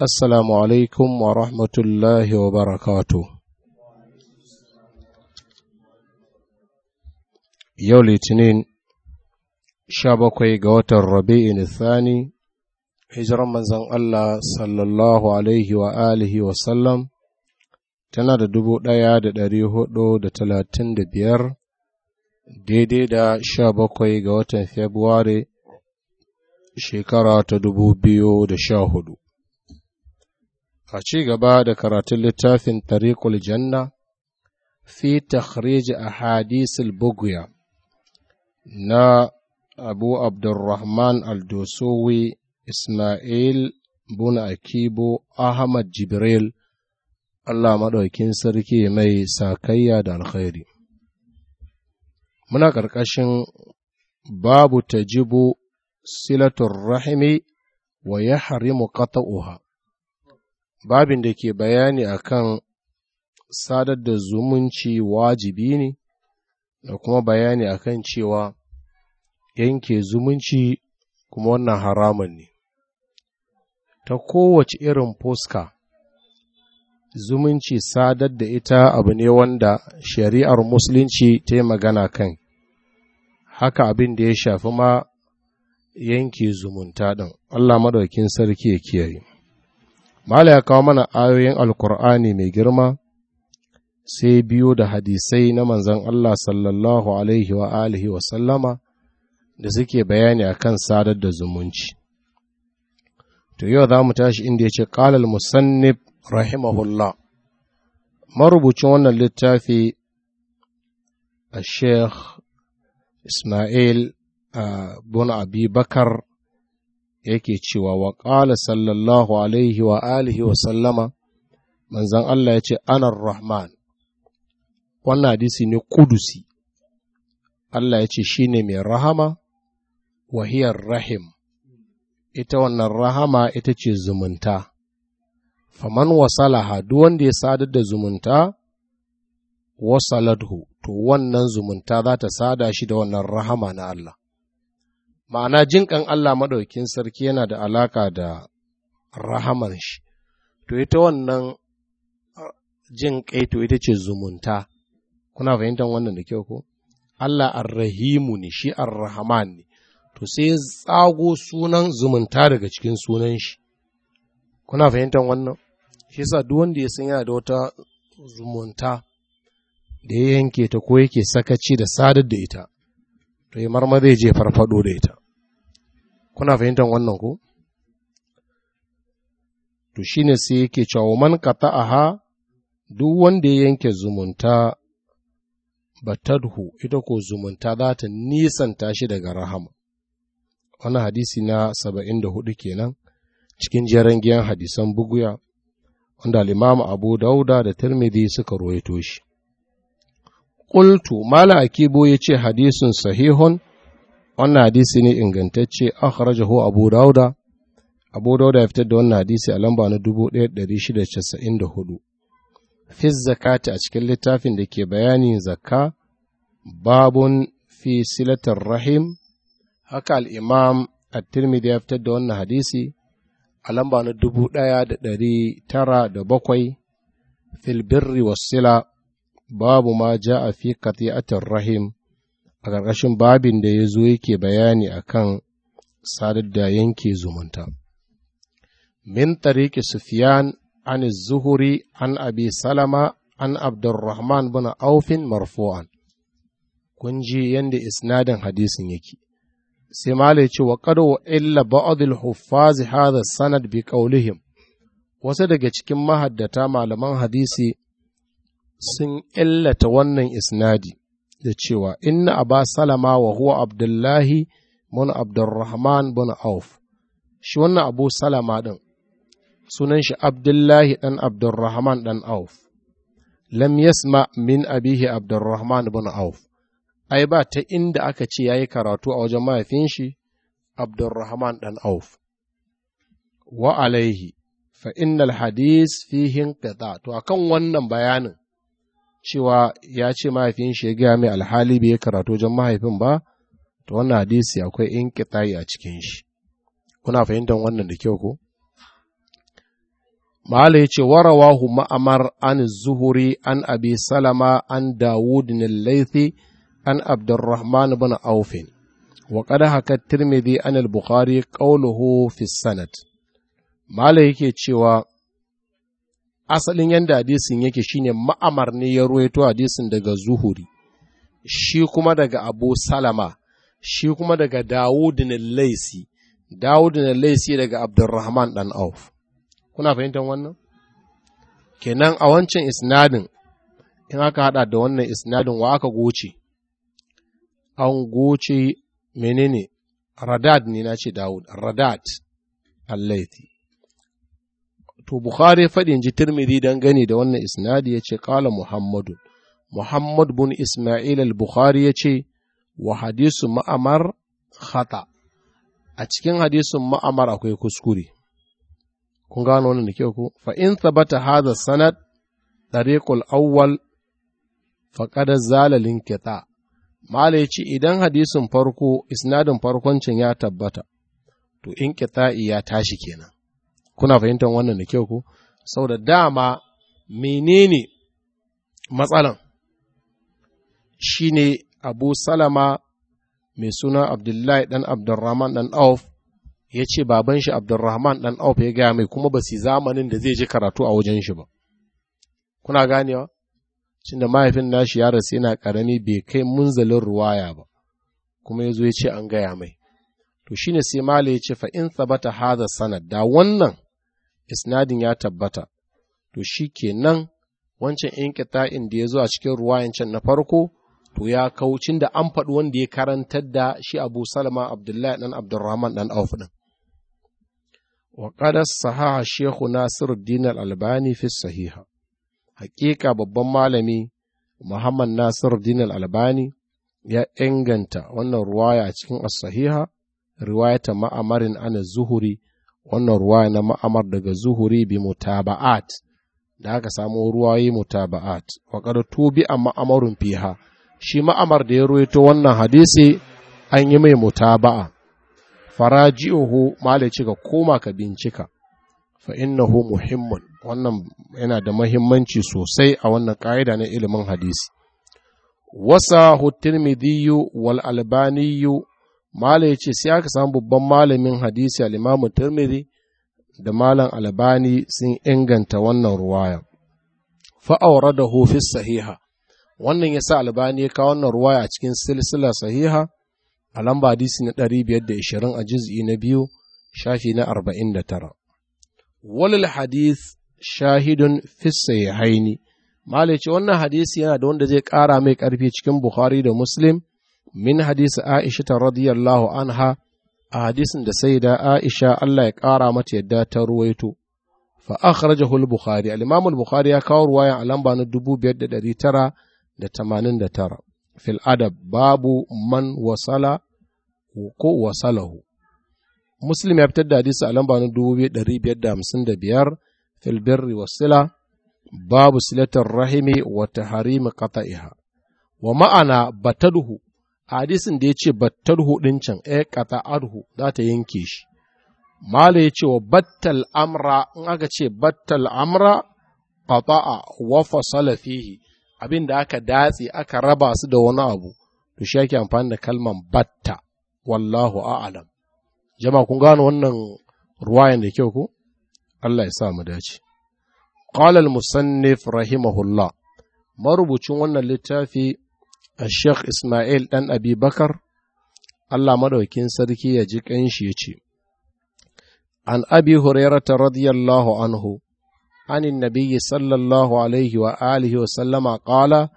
Assalamu alaikum wa rahmatullahi wa barakatu. Yau Litinin, sha bakwai ga watan Rabi'in Thani, hijiran manzan Allah sallallahu Alaihi wa alihi wa sallam, tana da dubu ɗaya da ɗari hudu da talatin da biyar, daidai da sha bakwai ga watan Februari, shekara ta dubu biyu da sha hudu. a ci gaba da karatun littafin tariqul janna fi takhrij hadisul buguya na abu abdurrahman al-dosowi ismail bun akibo ahmad jibril allah maɗaukin sarki mai sakayya da alkhairi muna ƙarƙashin babu ta tajibu silatun rahimi wa ya harimu ƙata'uha babin da ke bayani akan sadar da zumunci wajibi ne da kuma bayani akan cewa yanke zumunci kuma wannan haramun ne ta kowace irin fuska zumunci sadar da ita abu ne wanda shari'ar musulunci ta yi magana kan haka abin da ya shafi ma yanke zumunta ɗin Allah madaukin sarki ya kiyaye mala ya kawo mana ayoyin alkur'ani mai girma sai biyu da hadisai na manzan Allah sallallahu alaihi wa alihi wa sallama da suke bayani a kan sadar da zumunci to yau za mu tashi inda ya ce ƙalal musannif rahimahullah marubucin wannan littafi a sheikh ismail bin abi bakar yake cewa wa ƙala sallallahu alaihi wa alihi wa sallama manzan Allah ya ce anar rahman wannan hadisi ne kudusi Allah ya ce shi ne mai rahama wahiyar rahim ita wannan rahama ita ce zumunta faman wasalaha duk wanda ya sadar da zumunta wasaladhu to wannan zumunta za ta sada shi da wannan rahama na Allah ma'ana jinƙan Allah maɗaukin sarki yana da alaƙa da rahaman shi to ita wannan jin ƙai to ita ce zumunta kuna fahimtar wannan da kyau ko Allah arrahimu ne shi arrahaman ne to sai tsago sunan zumunta daga cikin sunan shi kuna fahimtar wannan shi sa duk wanda ya san yana da wata zumunta da ya yanke ta ko yake sakaci da sadar da ita to yi marma zai je farfado da ita kuna fahimtar wannan ku, to shine sai yake cewa man ta'aha duk wanda ya yanke zumunta batadhu ita ko zumunta za ta nisanta shi daga rahama wani hadisi na saba'in da hudu kenan cikin jeren giyan hadisan buguya wanda limamu abu dauda da tirmidhi suka ruwaito shi ƙultu mala akibo ya ce hadisun sahihun wannan hadisi ne ingantacce akhrajahu abu dauda abu dauda ya fitar da wannan hadisi a lamba na 1694 fi zakati a cikin littafin da ke bayani zaka babun fi silatar rahim haka al'imam at-tirmidhi ya fitar da wannan hadisi a lamba na 1907 fil birri wasila babu ma ja a fi katiyatar rahim a ƙarƙashin babin da ya zo yake bayani a kan sadar da yanke zumunta. Min tariki Sufiyan, an zuhuri an abi salama an abdurrahman bin aufin marfu'an. Kun ji yadda isnadin hadisin yake. Sai malai ce wa wa illa ba'adul huffazi hadha sanad bi ƙaulihim wasu daga cikin mahaddata malaman hadisi sun illata wannan isnadi da cewa inna aba salama wa huwa abdullahi mun abdurrahman bin auf shi wannan abu salama ɗin sunan shi abdullahi ɗan abdurrahman ɗan auf lam yasma min abihi abdurrahman bin auf ai ba ta inda aka ce ya yi karatu a wajen mahaifin shi abdurrahman ɗan auf wa alaihi fa innal hadis fihin kaza to akan wannan bayanin cewa ya ce mahaifin shi ya gaya mai alhali bai karatu wajen mahaifin ba to wannan hadisi akwai in a cikin shi kuna fahimtar wannan da kyau ko Mahala ya ce, Warawahu ma'amar an zuhuri an abi salama an Dawud laifi an Abdurrahman bin Aufin, wa kada haka Tirmidhi an al-Bukhari ƙauluhu fi sanad. Mahala yake cewa asalin yadda hadisin yake shine ma'amar ne ya ruwaito hadisin daga zuhuri shi kuma daga abu salama shi kuma daga dawudin laisi dawudin laisi daga abdurrahman dan auf kuna fahimtar wannan kenan a wancan isnadin in aka hada da wannan isnadin wa aka goce an goce menene radad ne na ce dawud radad allaiti to bukhari faɗi ji tirmidhi dan gani da wannan isnadi ya ce ƙala muhammadu muhammad bin ismail al-bukhari ya ce wa hadisu ma'amar khata a cikin hadisin ma'amar akwai kuskure kun gano wannan da kyau ku fa in thabata hadha sanad tariqul awwal qad zala linkita mala yace idan hadisin farko isnadin farkon can ya tabbata to in ya tashi kenan kuna fahimtar wannan da kyau ko da dama menene matsalan shine abu salama mai suna abdullahi dan abdurrahman dan auf ya ce baban shi abdurrahman dan auf ya gaya mai kuma ba su zamanin da zai ji karatu a wajen shi ba kuna ganewa cin da mahaifin nashi ya rasu yana karami bai kai munzalin ruwaya ba kuma ya zo ya ce an gaya mai to shine sai mala ya ce fa in sabata hada sanad da wannan isnadin ya tabbata to shi ke nan wancan inqita'in da ya zo a cikin ruwayancan can na farko to ya kaucin da an faɗi wanda ya karantar da shi Abu Salama Abdullahi dan Abdurrahman dan Auf din wa qad sahaha Shehu Nasiru Dinar albani fi sahiha haƙiƙa babban malami Muhammad nasiru Dinar albani ya inganta wannan ruwaya a cikin as riwayata ma'amarin ana zuhuri wannan ruwa na ma'amar daga zuhuri bi mutaba'at da aka samu ruwa mutaba'at wa qad tubi amma fiha shi ma'amar da ya ruwaito wannan hadisi an yi mai mutaba'a faraji'uhu malaci ga koma ka bincika fa innahu muhimmun wannan yana da muhimmanci sosai a wannan ka'ida na ilimin hadisi wasa hutirmidiyu wal albani Malam ya ce sai aka samu babban malamin hadisi al'imamu Tirmidhi da malam Albani sun inganta wannan ruwaya. Fa'aura da hofis sahiha, wannan ya sa Albani ya kawo wannan ruwaya a cikin silsila sahiha a lamba hadisi na 520 a juz'i na biyu shafi na 49. Walil hadith shahidun fissaye haini, Mala ce wannan hadisi yana da wanda zai ƙara mai ƙarfi cikin Bukhari da Muslim min hadisi Aisha ta radiyallahu anha a hadisin da saida Aisha Allah ya ƙara mata yadda ta ruwaito. Fa akhrajahu al-Bukhari, al-Imam al ya kawo ruwayan a lamba na 2989 fil adab babu man wasala ko wasalahu. Muslim ya fitar da hadisi a lamba na 2555 fil birri wasila babu silatar rahimi wa taharimi qata'iha. Wa ma'ana bataduhu hadisin da ya ce battar hudun can e kata arhu za ta yanke shi mala ya ce wa battal amra in aka ce battal amra qata'a wa fasala fihi abin da aka datse aka raba su da wani abu to shi ake amfani da kalman batta wallahu a'lam jama'a kun gano wannan ruwayan da kyau ko Allah ya sa mu dace qala al musannif rahimahullah marubucin wannan littafi Sheikh Ismail ɗan Abibakar, Allah maɗaukin sarki ya ji ƙanshi ya ce, An abi hurairata radiyallahu anhu, anin nabiyyi sallallahu alaihi wa alihi wa sallama ƙala,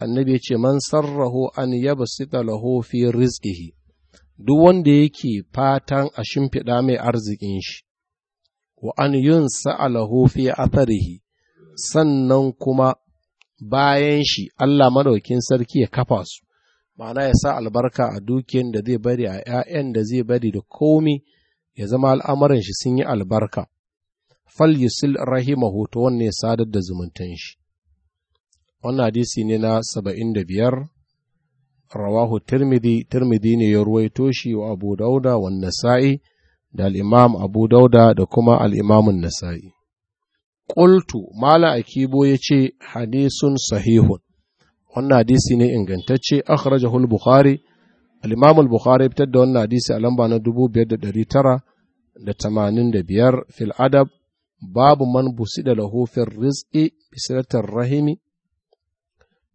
annabi ce, Man sarrahu an yabsita lahu fi rizqihi duk wanda yake fatan a shimfiɗa mai arzikin shi, wa an yun sa'alahu fi atharihi, sannan kuma bayan shi Allah madaukin sarki ya kafa su ma'ana ya sa albarka a dukiyar da zai bari a 'ya'yan da zai bari da komi ya zama al'amuran shi sun yi albarka fal yusil rahima hoto wanne ya sadar da zumuntan shi wannan hadisi ne na saba'in da biyar rawahu tirmidhi tirmidhi ne ya ruwaito shi wa abu dauda wa nasa'i da al'imam abu dauda da kuma al'imamun nasa'i Ƙultu, Mala Akibo ya ce, hadisun sahihun, wannan hadisi ne ingantacce, akhrajahul Bukhari, al-Imam al-Bukhari fitar da wannan hadisi a lamba na 5985 fil adab babu man busida lahu fil rizqi bi rahimi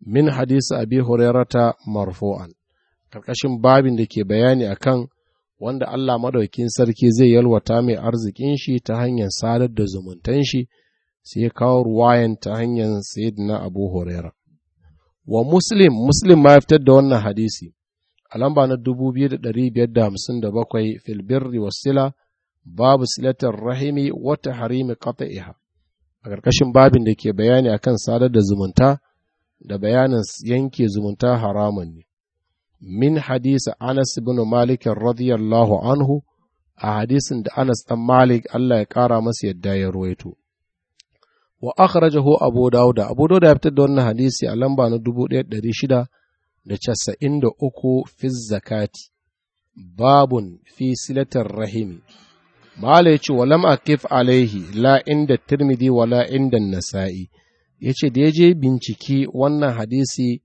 min hadisi abi hurairata marfu'an karkashin babin da ke bayani akan wanda Allah madaukin sarki zai yalwata mai arzikin shi ta hanyar sadar da zumuntan shi sai kawo ruwayan ta hanyar na abu horera. wa muslim muslim ma da wannan hadisi a lamba na 2557 fil birri wasila babu silatar rahimi wata harimi iha a ƙarƙashin babin da ke bayani a kan sadar da zumunta da bayanin yanke zumunta haramun ne min hadisa anas bin malik radiyallahu anhu a hadisin da anas dan malik Allah ya ƙara masa yadda ya ruwaito wa akhrajahu abu dawud abu dawud ya fitar da wannan hadisi a lamba na 1693 fi zakati babun fi silatar rahimi malai ce wa lam akif alaihi la inda tirmidhi wa la inda nasa'i yace da yaje binciki wannan hadisi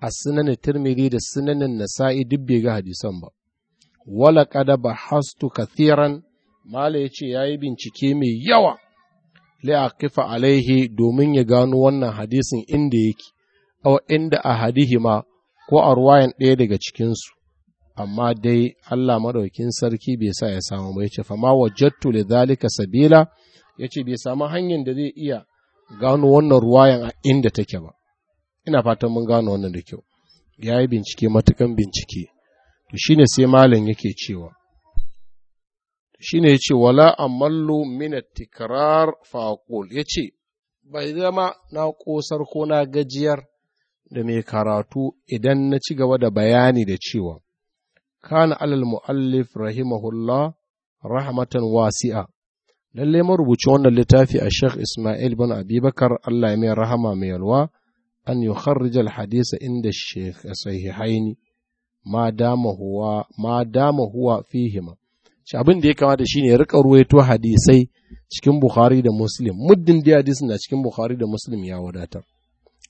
a sunanin tirmidhi da sunanin nasa'i duk bai ga hadisan ba wala qad bahastu kathiran malai yace yayi bincike mai yawa li'aqifa alaihi domin ya gano wannan hadisin inda yake awa inda ma ko a ruwayan ɗaya daga cikinsu amma dai Allah madaukin sarki bai sa ya samu Ya ce fama wajattu li zalika sabila yace bai samu hanyar da zai iya gano wannan ruwayan a inda take ba ina fatan mun gano wannan da kyau yayi bincike matukan bincike to shine sai malam yake cewa shi ne ya ce wala amallu mina tikrar faƙul ya ce bai zama na ƙosar ko na gajiyar da mai karatu idan na ci gaba da bayani da cewa kana alal mu'allif rahimahullah rahmatan wasi'a lalle marubuci wannan littafi a Sheikh Ismail bin Abibakar Allah ya mai rahama mai yalwa an yi al-hadisa inda Sheikh sahihaini ma dama huwa ma dama huwa fihima shi abin da ya kamata shi ne rika ruwaito hadisai cikin bukhari da muslim muddin da hadisin na cikin bukhari da muslim ya wadata.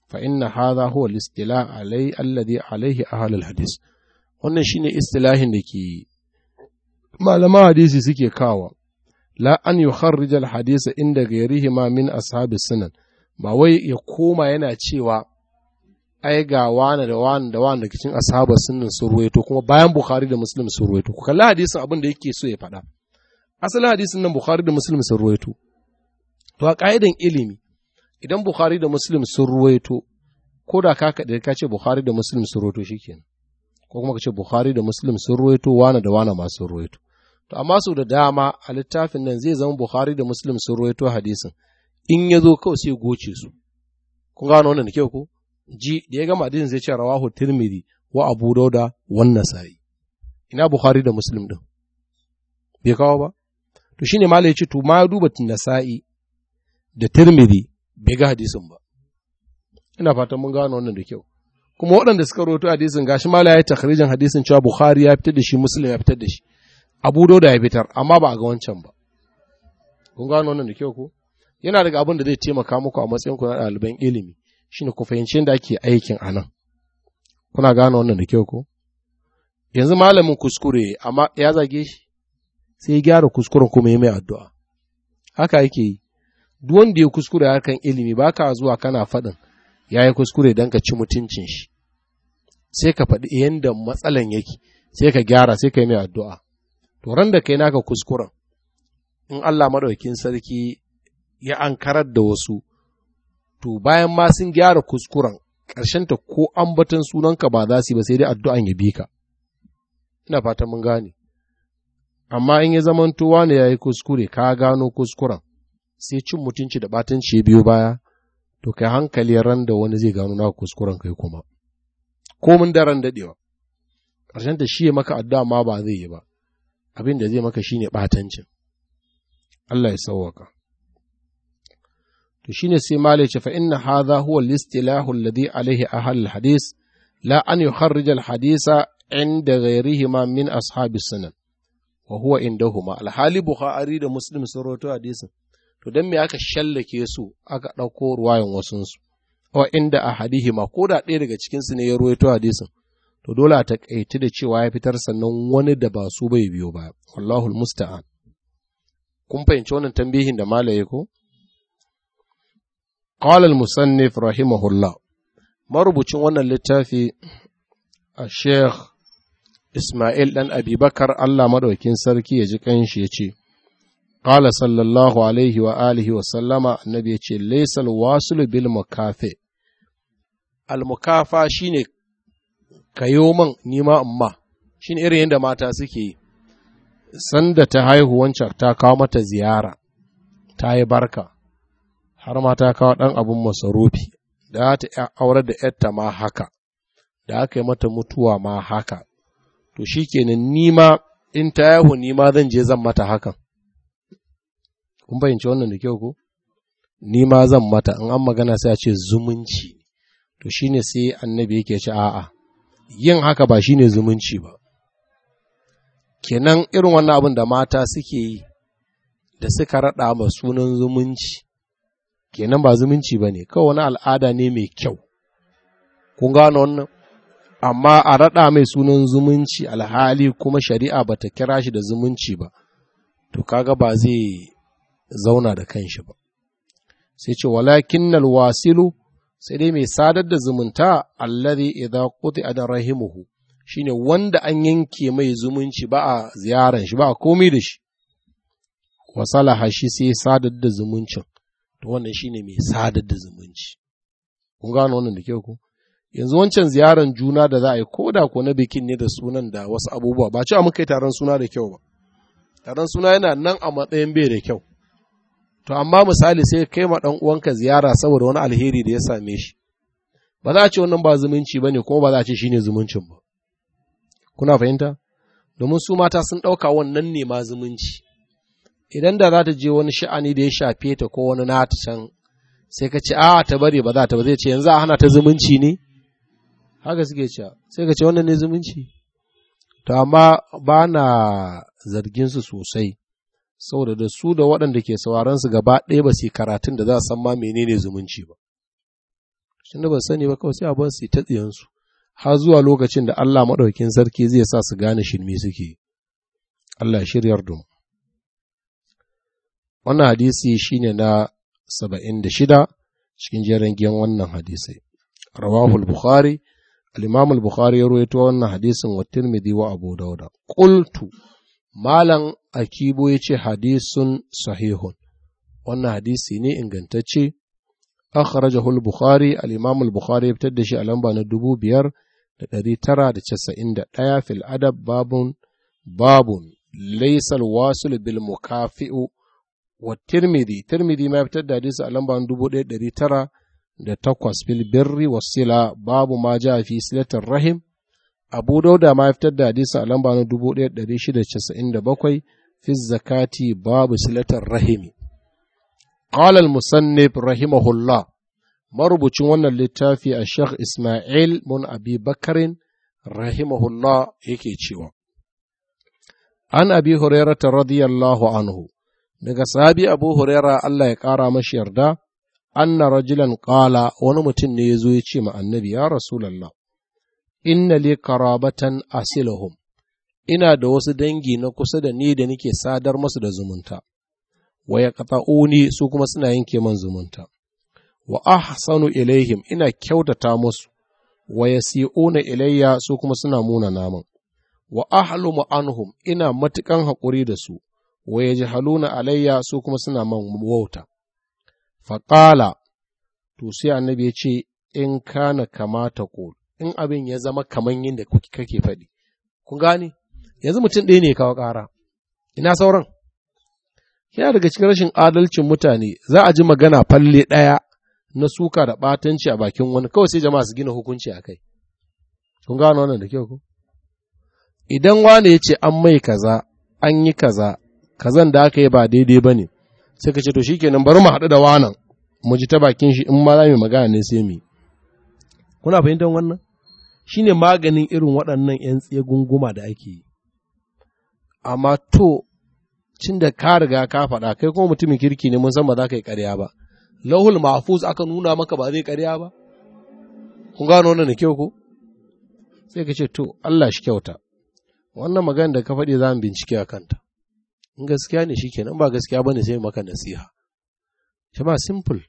fa inna hadha huwa al-istila alai alladhi alaihi ahlul hadis wannan shine istilahin da ke malama hadisi suke kawa la an yukharrij al inda ghayrihi ma min ashabi sunan ba wai ya koma yana cewa ai ga wani da wani da wani daga cikin asabar sunnin sun kuma bayan bukhari da muslim sun ku kalli hadisin abin da yake so ya faɗa asali hadisin nan bukhari da muslim sun to a ka'idan ilimi idan bukhari da muslim sun ko da ka kaɗe ka ce bukhari da muslim sun ruwaito shikenan ko kuma ka ce bukhari da muslim sun ruwaito wani da wani masu surwaito to amma sau da dama a littafin nan zai zama bukhari da muslim sun ruwaito hadisin in ya zo kawai sai goce su kun gano wannan da kyau ko ji da ya gama hadisin zai ce rawahu tirmidhi wa abu dauda wan nasa'i ina bukhari da muslim din bai kawo ba to shine malai ce to ma duba nasa'i da tirmidhi bai ga hadisin ba ina fatan mun gano wannan da kyau kuma waɗanda suka roto hadisin gashi mala ya takhrijin hadisin cewa bukhari ya fitar da shi muslim ya fitar da shi abu dauda ya fitar amma ba a ga wancan ba kun gano wannan da kyau ko yana daga abin da zai taimaka muku a matsayin ku na ɗaliban ilimi shi ne ku fahimci yadda ake aikin a nan kuna gane wannan da kyau ko yanzu malamin kuskure amma ya zage shi sai ya gyara kuskuren kuma ya mai addu'a haka yake yi duk wanda ya kuskure harkan ilimi ba ka zuwa kana faɗin ya yi kuskure don ka ci mutuncin shi sai ka faɗi yadda matsalan yake sai ka gyara sai ka yi mai addu'a to ran da kai naka kuskuren in Allah maɗaukin sarki ya ankarar da wasu to bayan ma sun gyara kuskuren ta ko ambaton sunanka ba za su ba sai dai addu'an ya bi ka ina fata mun gane amma in ya towa ne ya yi kuskure ka gano kuskuren sai cin mutunci da batanci ya biyo baya to kai hankali ran da wani zai gano naka kuskuren kai kuma Ko komin daren dadewa ƙarshen ta shi maka addu'a ma ba zai yi ba abin da zai maka shi ne batancin Allah ya sauwaka to shine sai malai ce fa inna hadha huwa al-istilahu alladhi alayhi al-hadith la an yukharrij al-hadisa inda ma min ashabi sunan wa huwa indahuma al-hali bukhari da muslim sun rawaito hadisin to dan me aka shallake su aka dauko ruwayan wasun su wa inda ahadihi ko da ɗaya daga cikin su ne ya ruwaito hadisin to dole a takaici da cewa ya fitar sannan wani da ba su bai biyo ba wallahul musta'an kun fahimci wannan tambihin da malaye ko قال المصنف رحمه الله مربوط وانا littafi الشيخ Ismail ɗan Abibakar Allah maɗaukin sarki ya ji ƙanshi ya ce, Ƙala sallallahu alaihi wa alihi wa sallama annabi ya ce, Laisal wasulu bil mukafe, al-mukafa shi ne kayo man nima amma, shi irin yadda mata suke yi, sanda ta haihu wancan ta kawo mata ziyara, ta yi barka, har ma ta kawo ɗan abin masarufi da ta aurar da ‘yarta ma haka, da aka yi mata mutuwa ma haka, to shi kenan nima in ta yahu nima zan je zan mata hakan. Kun fahimci wannan da kyau ko? Nima zan mata, in an magana sai a ce zumunci, to shi ne sai annabi yake ci a'a, yin haka ba shi ne zumunci ba. Kenan irin wannan abin da mata suke yi, da suka raɗa ma sunan zumunci. kenan ba zumunci ba ne kawai wani al'ada ne mai kyau kun gano wannan amma a raɗa mai sunan zumunci alhali kuma shari'a ba ta kira shi da zumunci ba to kaga ba zai zauna da kanshi ba sai ce walakin wasilu sai dai mai sadar da zumunta allazi idza quti adan rahimuhu shine wanda an yanke mai zumunci ba a ziyaran shi ba a komai da shi wasalaha shi sai sadar da zumuncin to wannan shine mai sadar da zumunci kun gano wannan da kyau ku yanzu wancan ziyaran juna da za a yi ko da ko na bikin ne da sunan da wasu abubuwa ba a muka yi taron suna da kyau ba taron suna yana nan a matsayin bai da kyau to amma misali sai kai ma dan uwanka ziyara saboda wani alheri da ya same shi ba za a ce wannan ba zumunci ba ne kuma ba za a ce shine zumuncin ba kuna fahimta domin su mata sun ɗauka wannan ne ma zumunci idan da za ta je wani sha'ani da ya shafe ta ko wani nata can sai ka ce a ta bari ba za ta ba zai ce yanzu a hana ta zumunci ne haka suke cewa sai ka ce wannan ne zumunci to amma ba na zargin su sosai saboda da su da waɗanda ke sauraron su gaba ɗaya ba su karatun da za a san ma menene zumunci ba tunda ba sani ba kawai sai a bar su ta tsiyansu har zuwa lokacin da Allah maɗaukin sarki zai sa su gane shirme suke Allah shiryar domin wannan hadisi shine na saba'in da shida cikin jerin giyan wannan hadisai rawahul bukhari al-imam bukhari ya rawaito wannan hadisin wa tirmidhi wa abu dauda qultu malam akibo yace hadisun sahihun wannan hadisi ne ingantacce akhrajahu al-bukhari al-imam bukhari ya fitar da shi a lamba na dubu biyar da ɗaya, fil adab babun babun laysal wasul bil mukafi'u wa tirmidhi tirmidhi ma fitar da hadisi a lamba takwas fil birri wasila babu ma ja fi silatar rahim abu dauda ma fitar da hadisi a lamba 1697 fi zakati babu silatar rahimi qala المصنف رحمه الله marubucin wannan littafi a shekh Ismail mun Abi Bakarin rahimahullah yake cewa, An abi Hurairata radiyallahu anhu, daga sabi abu huraira Allah ya ƙara mashi yarda anna rajulan ƙala wani mutum ne ya zo ya ce ma annabi ya rasulallah inna li karabatan asilahum ina da wasu dangi na kusa da ni da nake sadar masu da zumunta wa ya ni su kuma suna yanke man zumunta wa ahsanu ilaihim ina kyautata musu wa ya yasi'una ilayya su kuma suna muna naman wa ahlumu anhum ina matukan haƙuri da su wa haluna alayya su kuma suna man wauta faƙala to sai annabi ya ce in kana kamata ko in abin ya zama kaman yadda kake faɗi kun gane yanzu mutum ɗaya ne kawo ƙara ina sauran yana daga cikin rashin adalcin mutane za a ji magana falle ɗaya na suka da ɓatanci a bakin wani kawai sai jama'a su gina hukunci a kai kun gano wannan da kyau ko idan wani ya ce an mai kaza an yi kaza kazan da aka yi ba daidai ba ne sai ka ce to shikenan bari mu haɗu da wanan mu ji ta bakin shi in ma za mu magana ne sai mu kuna fahimtar wannan shine maganin irin waɗannan 'yan tsaye gunguma da ake yi amma to cin da ka riga ka faɗa kai kuma mutumin kirki ne mun san ba za ka yi ƙarya ba lahul mahfuz aka nuna maka ba zai ƙarya ba kun gano wannan da kyau ko sai ka ce to Allah shi kyauta wannan magana da ka faɗi za mu bincike a kanta in gaskiya ne shikenan ba gaskiya bane sai maka nasiha ba simple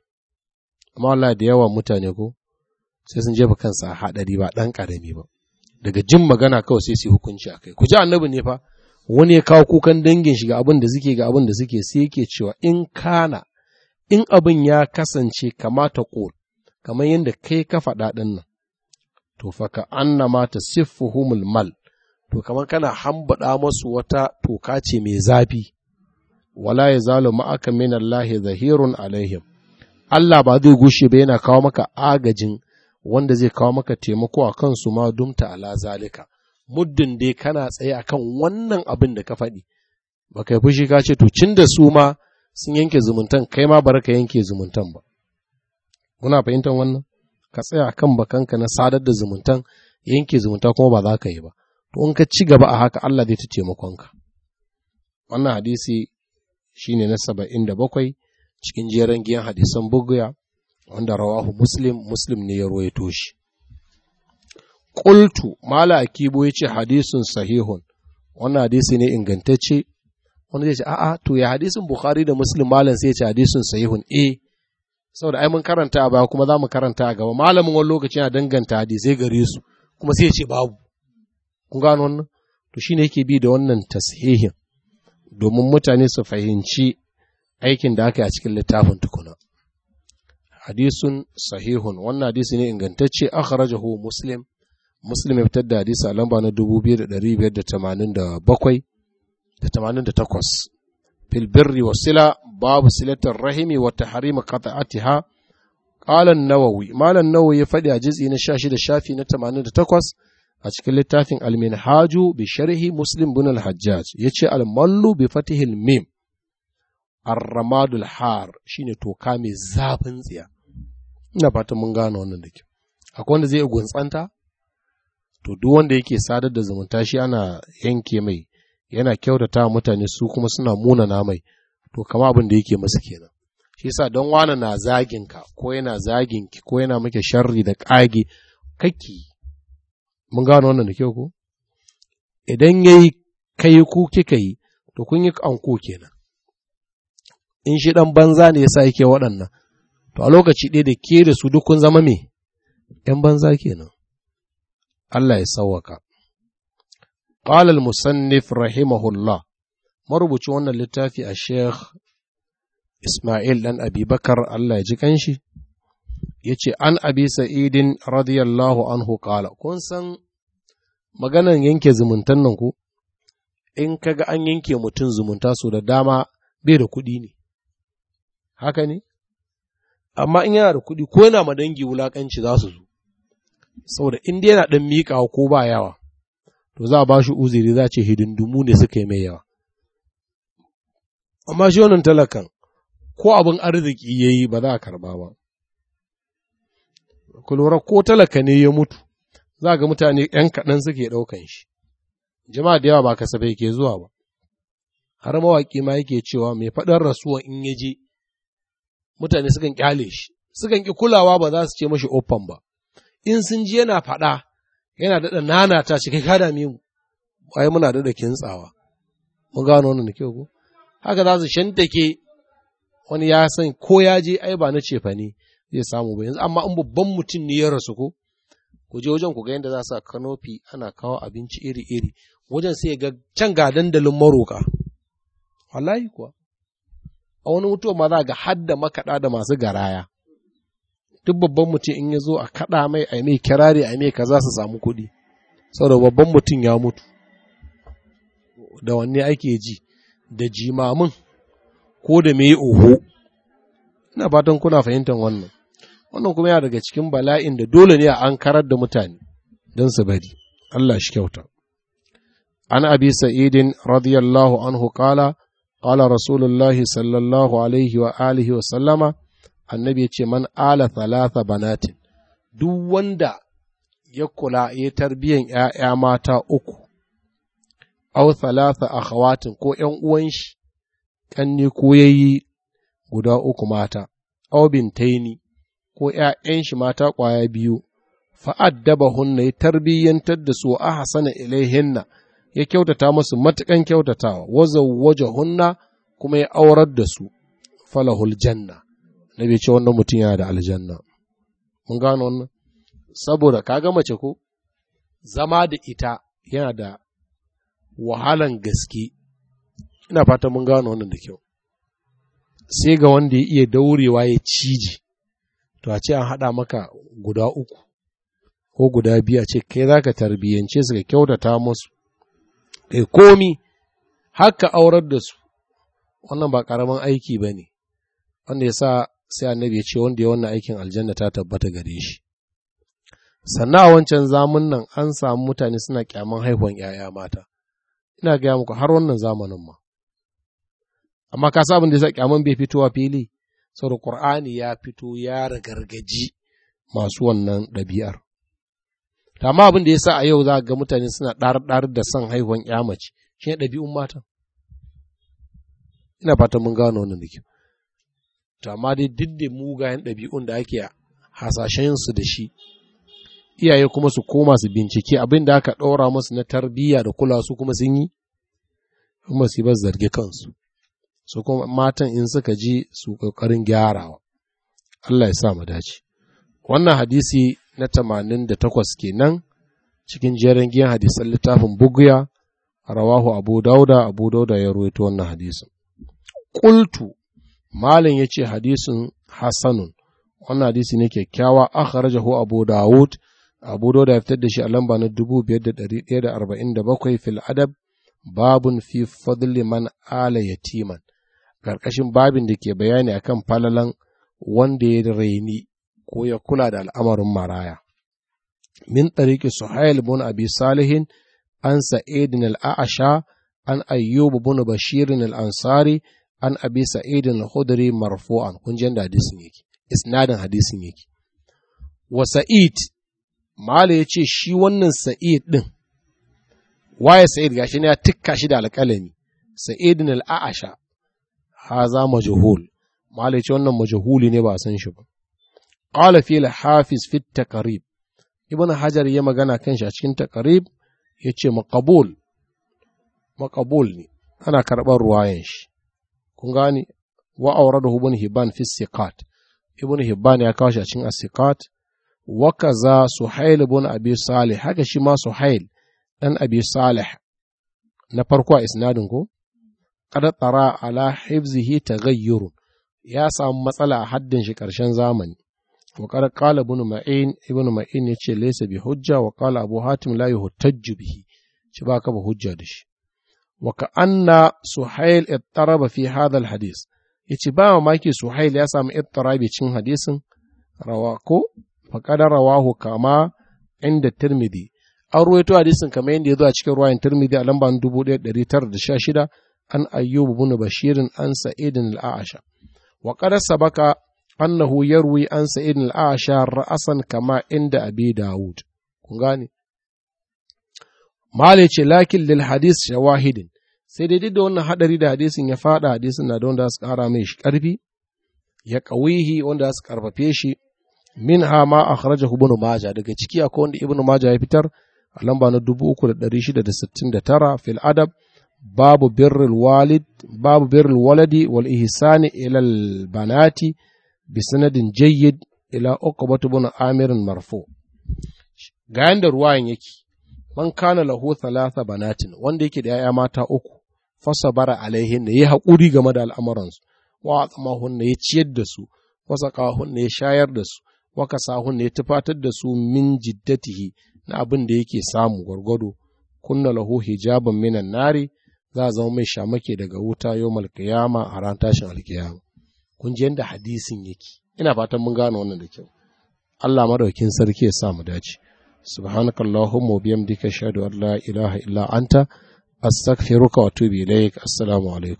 amma Allah da yawa mutane ko sai sun jefa kansa a haɗari ba ɗan ƙarami ba daga jin magana kawai sai su hukunci a kai ku ji annabi ne fa wani ya kawo kukan dangin shi ga abin da suke ga abin da suke sai yake cewa in kana in abin ya kasance kamata ƙol kamar yadda kai ka faɗa ɗin nan to faka ka ma ta humul mal to kamar kana hambaɗa masu wata toka ce mai zafi wala ya zalo ma'aka min Lahi zahirun alaihim Allah ba zai gushe ba yana kawo maka agajin wanda zai kawo maka taimako a kansu ma dumta ala zalika muddin dai kana tsaye akan wannan abin da ka faɗi ba kai fushi ka ce to cin da su ma sun yanke zumuntan kai ma bar ka yanke zumuntan ba Muna fahimtar wannan ka tsaya kan bakanka na sadar da zumuntan yanke zumunta kuma ba za ka yi ba to in ka ci gaba a haka Allah zai ta taimakonka wannan hadisi shine na saba'in da bakwai cikin jeren giyan hadisan buguya wanda rawahu muslim muslim ne ya roye shi Kultu, mala akibo ce hadisun sahihun wannan hadisi ne ingantacce wanda zai ce a'a to ya hadisin bukhari da muslim malam sai ya ce hadisun sahihun eh saboda ai mun karanta a baya kuma za mu karanta a gaba malamin wani lokaci yana danganta hadisai gare su kuma sai ya ce babu kun gano wannan to shi ne yake bi da wannan tasihihin domin mutane su fahimci aikin da aka yi a cikin littafin tukuna hadisun sahihun wannan hadisi ne ingantacce akhrajahu muslim muslim ya fitar da hadisi a lamba na 2587 da 88 fil birri wa sila babu silatar rahimi wa ta tahrimi qata'atiha ha Ƙalan nawawi malan nawawi ya fadi a jitsi na 16 shafi na 88 a cikin littafin alminhaju bi sharhi muslim bin al-hajjaj yace al-mallu bi fatihil mim ar-ramadul har shine toka mai zafin tsiya ina fatan mun gano wannan da kyau akwai wanda zai guntsanta to duk wanda yake sadar da zumunta shi ana yanke mai yana kyautata mutane su kuma suna munana mai to kama abin da yake masu kenan shi yasa don wani na zagin ka ko yana zagin ki ko yana muke sharri da kage kake mun gano wannan da kyau ko idan yayi kai ku kika yi to kun yi anko kenan in shi dan banza ne yasa yake waɗannan to a lokaci ɗaya da ke da su duk kun zama me ‘yan banza kenan Allah ya sauka. qala al-musannif rahimahullah marubuci wannan littafi a Sheikh Ismail dan Abibakar Allah ya ji kanshi ya ce an abi sa'idin radiyallahu anhu kala kun san maganan yanke zumuntan nan ku in kaga an yanke mutum zumunta su, da dama bai da kuɗi ne haka ne amma in yana da kuɗi ko yana ma dangi wulaƙanci za su zo saboda in dai yana ɗan miƙawa ko ba yawa to za a ba shi uziri za ce hidindumu ne suka yi mai yawa amma shi wannan talakan ko abin arziki ya yi ba za a karba ba ku lura ko talaka ne ya mutu za ga mutane ‘yan kaɗan suke ɗaukan shi jama'a da yawa ba kasafai ke zuwa ba har mawaƙi ma yake cewa mai faɗar rasuwa in ya je mutane sukan ƙyale shi sukan ƙi kulawa ba za su ce mashi ofan ba in sun ji yana faɗa yana daɗa nana ta shi kai kada mu ai muna daɗa kintsawa mun gano wannan da kyau ko haka za su shantake wani ya san ko ya je ai ba na cefa ne zai samu ba yanzu amma in babban mutum ne ya rasu ko ku je wajen ku ga yadda za sa kanofi ana kawo abinci iri-iri wajen sai ga can ga dandalin maroka wallahi kuwa a wani mutuwa ma za ga hadda makaɗa da masu garaya duk babban mutum in ya zo a kaɗa mai a mai kirari a mai kaza su samu kuɗi saboda babban mutum ya mutu da wanne ake ji da jimamin ko da mai oho ina fatan kuna fahimtar wannan wannan kuma yana daga cikin bala'in da dole ne a an karar da mutane don su bari Allah shi kyauta an abi sa'idin radiyallahu anhu qala kala rasulullah sallallahu alaihi wa alihi wa sallama annabi ya ce man ala thalatha banatin duk wanda ya kula ya tarbiyan ‘ya'ya mata uku, au thalatha a hawatin ko ‘yan uwan shi, ƙanne ko yayi guda uku mata, au bintaini ko ‘ya'yan shi mata ƙwaya biyu, fa'addaba hunna ya tarbiyyantar da su a hasana ilaihinna ya kyautata masu matukan kyautatawa, waje hunna kuma ya aurar da su, falahul janna, na bai ce wannan mutum yana da aljanna. Mun gano wannan? Saboda ka ga mace ko, zama da ita yana da wahalan gaske, ina fata mun gano wannan da kyau. Sai ga wanda ya iya daurewa ya ciji. to a ce an haɗa maka guda uku ko guda biyu a ce kai za ka tarbiyyance su ka kyautata musu kai komi haka aurar da su wannan ba ƙaramin aiki ba ne wanda ya sa sai annabi ya ce wanda ya wannan aikin aljanna ta tabbata gare shi sannan a wancan zamun nan an samu mutane suna kyaman haihuwan 'ya'ya mata ina gaya muku har wannan zamanin ma amma ka sa abin da ya sa kyaman bai fitowa fili saboda ƙur'ani ya fito ya ragargaji masu wannan ɗabi'ar. Tama abin da ya sa a yau za ga mutane suna ɗar-ɗar da son haihuwan ya mace, shi ne ɗabi'un matan. Ina fatan mun gano wannan da kyau. Tama dai duk da mugayen ɗabi'un da ake hasashensu da shi, iyaye kuma su koma su bincike abin da aka ɗora masu na tarbiyya da kula su kuma sun yi, kuma su yi zarge kansu. su kuma matan in suka ji su ƙoƙarin gyarawa Allah ya sa mu dace wannan hadisi na tamanin da ke kenan cikin jerin giyan hadisan littafin buguya rawahu abu dauda abu dauda ya ruwaito wannan hadisin kultu malin ce hadisin hasanun wannan hadisi ne kyakkyawa akhrajahu abu dawud abu dauda ya fitar da shi a lamba na 5147 fil adab babun fi fadli man ala yatiman ƙarƙashin babin da ke bayani akan falalan wanda ya raini ko ya kula da al'amarin maraya. Min ɗariƙi Suhail bin Abi Salihin an Sa'idin al'a'asha an Ayyubu bin Bashirin al'ansari an Abi Sa'idin al-Hudri kun kunjen da hadisin yake, isnadin hadisin yake. Wa Sa'id, Mala ya ce shi wannan Sa'id ɗin, waye Sa'id gashi ne ya tikka shi da alƙalami, Sa'idin al'a'asha haza majhul malaci wannan majhuli ne ba san shi ba qala fi al-hafiz fi taqrib ibn hajar ya magana kan shi a cikin taqrib yace maqbul maqbul ne ana karban ruwayan shi kun gane wa awradahu ibn hibban fi siqat ibn hibban ya kawo shi a cikin as-siqat wa kaza suhail ibn abi salih haka shi ma suhail dan abi salih na farko a isnadin ko kada tsara ala hifzihi taghayyur ya samu matsala a haddin shi ƙarshen zamani wa qala ibn ma'in ibn ma'in yace laysa bi hujja wa qala abu hatim la yuhtajju bihi shi ba ka ba hujja da shi wa ka anna suhail ittaraba fi hadha al hadith yace ba mamaki suhail ya samu ittirabi cin hadisin rawa ko faqad rawahu kama inda tirmidhi an ruwaito hadisin kamar yadda ya zo a cikin ruwayan tirmidhi a lamban 1916 an ayyubu bin bashirin an sa'idin al'asha wa qad sabaka annahu yarwi an sa'idin al'asha ra'asan kama inda abi daud kun mali ce lakin lil hadis shawahidin sai dai duk da wannan haɗari da hadisin ya fada hadisin na da wanda su kara mai shi karfi ya kawihi wanda su karfafe shi min ha ma akhrajahu ibn maja daga ciki a kowanda ibn maja ya fitar a lamba na 3669 fil adab babu birrul walid babu birin waladi wal ihsani ilal banati bisanadin sanadin jayyid ila uqbatu bin amirin marfo. ga yanda ruwayan yake man kana lahu thalatha banatin wanda yake da yaya mata uku fasabara alaihin da ya haƙuri game da al'amuransu wa atsamahun ya ciyar da su wasa ƙahun ya shayar da su waka sahun ya tufatar da su min jiddatihi na abin da yake samu gwargwado kunna lahu hijaban minan nari za a zama mai shamake daga wuta yau malkiyama a ran tashin alkiyama kun ji yadda hadisin yake ina fatan mun gane wannan da kyau Allah madaukin sarki ya sa mu dace subhanakallahumma wa bihamdika ashhadu an la ilaha illa anta astaghfiruka wa atubu ilaik assalamu alaikum